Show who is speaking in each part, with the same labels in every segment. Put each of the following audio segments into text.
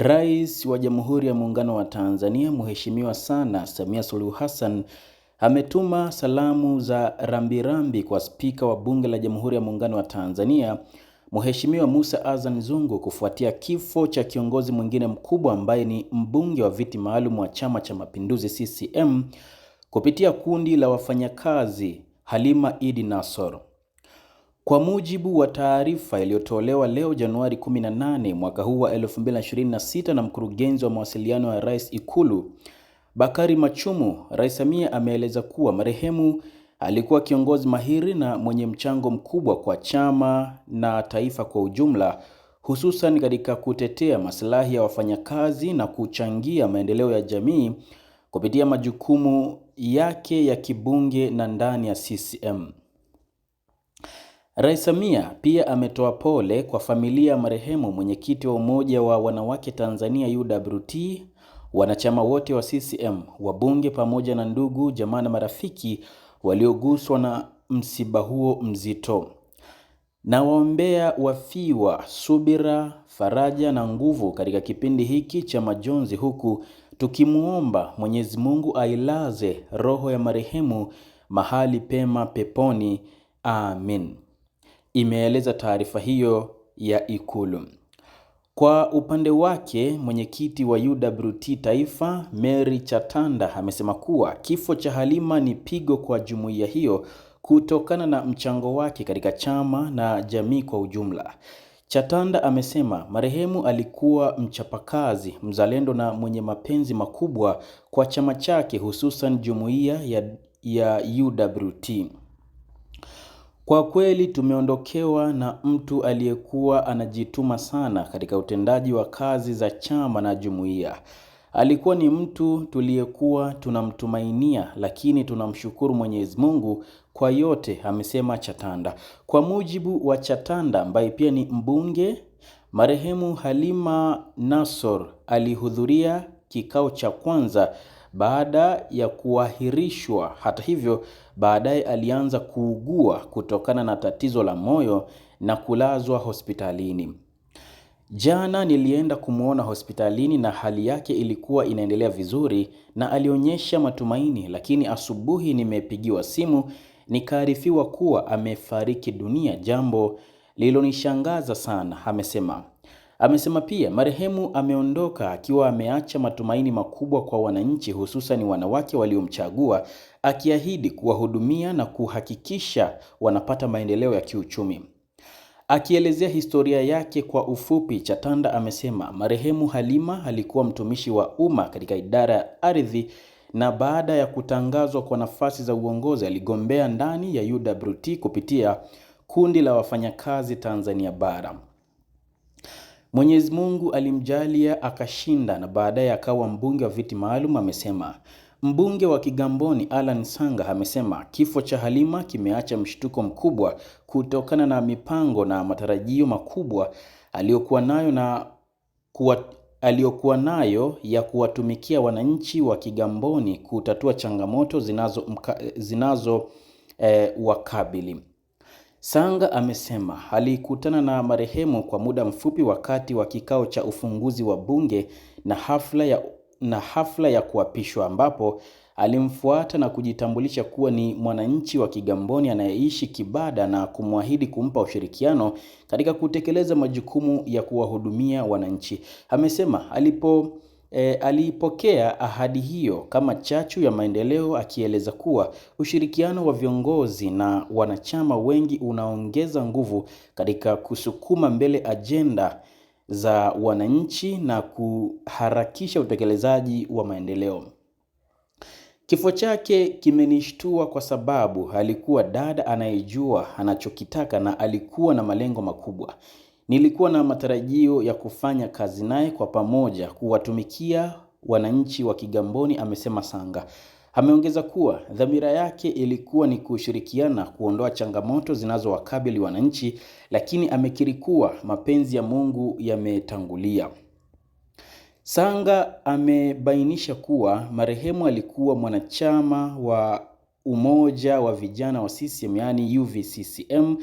Speaker 1: Rais wa Jamhuri ya Muungano wa Tanzania Mheshimiwa sana Samia Suluhu Hassan ametuma salamu za rambirambi kwa Spika wa Bunge la Jamhuri ya Muungano wa Tanzania Mheshimiwa Musa Azan Zungu kufuatia kifo cha kiongozi mwingine mkubwa ambaye ni mbunge wa viti maalum wa Chama cha Mapinduzi CCM kupitia kundi la wafanyakazi Halima Idi nassor kwa mujibu wa taarifa iliyotolewa leo Januari 18 mwaka huu wa 2026 na mkurugenzi wa mawasiliano ya Rais Ikulu Bakari Machumu, Rais Samia ameeleza kuwa marehemu alikuwa kiongozi mahiri na mwenye mchango mkubwa kwa chama na taifa kwa ujumla, hususan katika kutetea maslahi ya wafanyakazi na kuchangia maendeleo ya jamii kupitia majukumu yake ya kibunge na ndani ya CCM. Rais Samia pia ametoa pole kwa familia ya marehemu mwenyekiti wa Umoja wa Wanawake Tanzania UWT, wanachama wote wa CCM, wabunge pamoja na ndugu, jamaa na marafiki walioguswa na msiba huo mzito. Na waombea wafiwa subira, faraja na nguvu katika kipindi hiki cha majonzi, huku tukimwomba Mwenyezi Mungu ailaze roho ya marehemu mahali pema peponi. Amin imeeleza taarifa hiyo ya Ikulu. Kwa upande wake mwenyekiti wa UWT Taifa Mary Chatanda amesema kuwa kifo cha Halima ni pigo kwa jumuiya hiyo kutokana na mchango wake katika chama na jamii kwa ujumla. Chatanda amesema marehemu alikuwa mchapakazi, mzalendo na mwenye mapenzi makubwa kwa chama chake, hususan jumuiya ya, ya UWT. Kwa kweli tumeondokewa na mtu aliyekuwa anajituma sana katika utendaji wa kazi za chama na jumuiya. Alikuwa ni mtu tuliyekuwa tunamtumainia, lakini tunamshukuru Mwenyezi Mungu kwa yote, amesema Chatanda. Kwa mujibu wa Chatanda ambaye pia ni mbunge, marehemu Halima Nassor alihudhuria kikao cha kwanza baada ya kuahirishwa. Hata hivyo, baadaye alianza kuugua kutokana na tatizo la moyo na kulazwa hospitalini. Jana nilienda kumwona hospitalini na hali yake ilikuwa inaendelea vizuri na alionyesha matumaini, lakini asubuhi nimepigiwa simu nikaarifiwa kuwa amefariki dunia, jambo lililonishangaza sana, amesema. Amesema pia marehemu ameondoka akiwa ameacha matumaini makubwa kwa wananchi, hususan wanawake waliomchagua, akiahidi kuwahudumia na kuhakikisha wanapata maendeleo ya kiuchumi. Akielezea historia yake kwa ufupi, Chatanda amesema marehemu Halima alikuwa mtumishi wa umma katika idara ya ardhi na baada ya kutangazwa kwa nafasi za uongozi aligombea ndani ya UWT kupitia kundi la wafanyakazi Tanzania Bara. Mwenyezi Mungu alimjalia akashinda na baadaye akawa mbunge wa viti maalum, amesema. Mbunge wa Kigamboni Alan Sanga amesema kifo cha Halima kimeacha mshtuko mkubwa kutokana na mipango na matarajio makubwa aliyokuwa nayo na kuwa aliyokuwa nayo ya kuwatumikia wananchi wa Kigamboni kutatua changamoto zinazo, zinazo eh, wakabili. Sanga amesema alikutana na marehemu kwa muda mfupi wakati wa kikao cha ufunguzi wa bunge na hafla ya, na hafla ya kuapishwa ambapo alimfuata na kujitambulisha kuwa ni mwananchi wa Kigamboni anayeishi Kibada na kumwahidi kumpa ushirikiano katika kutekeleza majukumu ya kuwahudumia wananchi. Amesema alipo E, aliipokea ahadi hiyo kama chachu ya maendeleo akieleza kuwa ushirikiano wa viongozi na wanachama wengi unaongeza nguvu katika kusukuma mbele ajenda za wananchi na kuharakisha utekelezaji wa maendeleo. Kifo chake kimenishtua kwa sababu alikuwa dada anayejua anachokitaka na alikuwa na malengo makubwa. Nilikuwa na matarajio ya kufanya kazi naye kwa pamoja kuwatumikia wananchi wa Kigamboni, amesema Sanga. Ameongeza kuwa dhamira yake ilikuwa ni kushirikiana kuondoa changamoto zinazowakabili wananchi, lakini amekiri kuwa mapenzi ya Mungu yametangulia. Sanga amebainisha kuwa marehemu alikuwa mwanachama wa umoja wa vijana wa CCM yaani UVCCM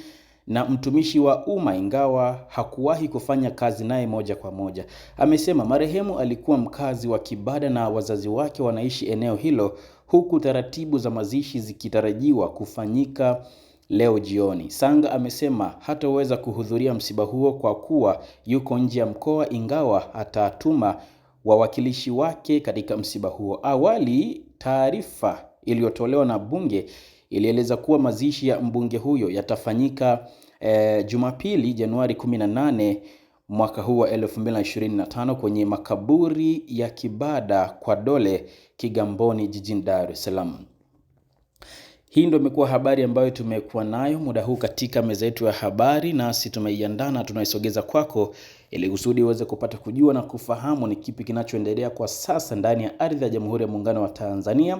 Speaker 1: na mtumishi wa umma ingawa hakuwahi kufanya kazi naye moja kwa moja. Amesema marehemu alikuwa mkazi wa Kibada na wazazi wake wanaishi eneo hilo huku taratibu za mazishi zikitarajiwa kufanyika leo jioni. Sanga amesema hataweza kuhudhuria msiba huo kwa kuwa yuko nje ya mkoa ingawa atatuma wawakilishi wake katika msiba huo. Awali taarifa iliyotolewa na bunge ilieleza kuwa mazishi ya mbunge huyo yatafanyika e, Jumapili Januari 18 mwaka huu wa 2025 kwenye makaburi ya Kibada kwa Dole Kigamboni jijini Dar es Salaam.
Speaker 2: Hii ndio imekuwa habari ambayo tumekuwa nayo muda huu katika meza yetu ya habari, nasi tumeiandaa na tunaisogeza kwako ili kusudi uweze kupata kujua na kufahamu ni kipi kinachoendelea kwa sasa ndani ya ardhi ya Jamhuri ya Muungano wa Tanzania.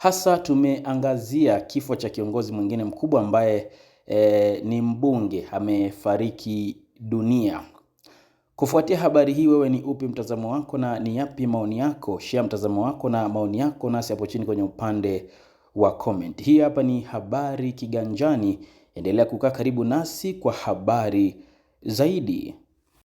Speaker 2: Hasa tumeangazia kifo cha kiongozi mwingine mkubwa ambaye e, ni mbunge amefariki dunia. Kufuatia habari hii, wewe ni upi mtazamo wako na ni yapi maoni yako? Share mtazamo wako na maoni yako nasi hapo chini kwenye upande wa comment. Hii hapa ni Habari Kiganjani. Endelea kukaa karibu nasi kwa habari zaidi.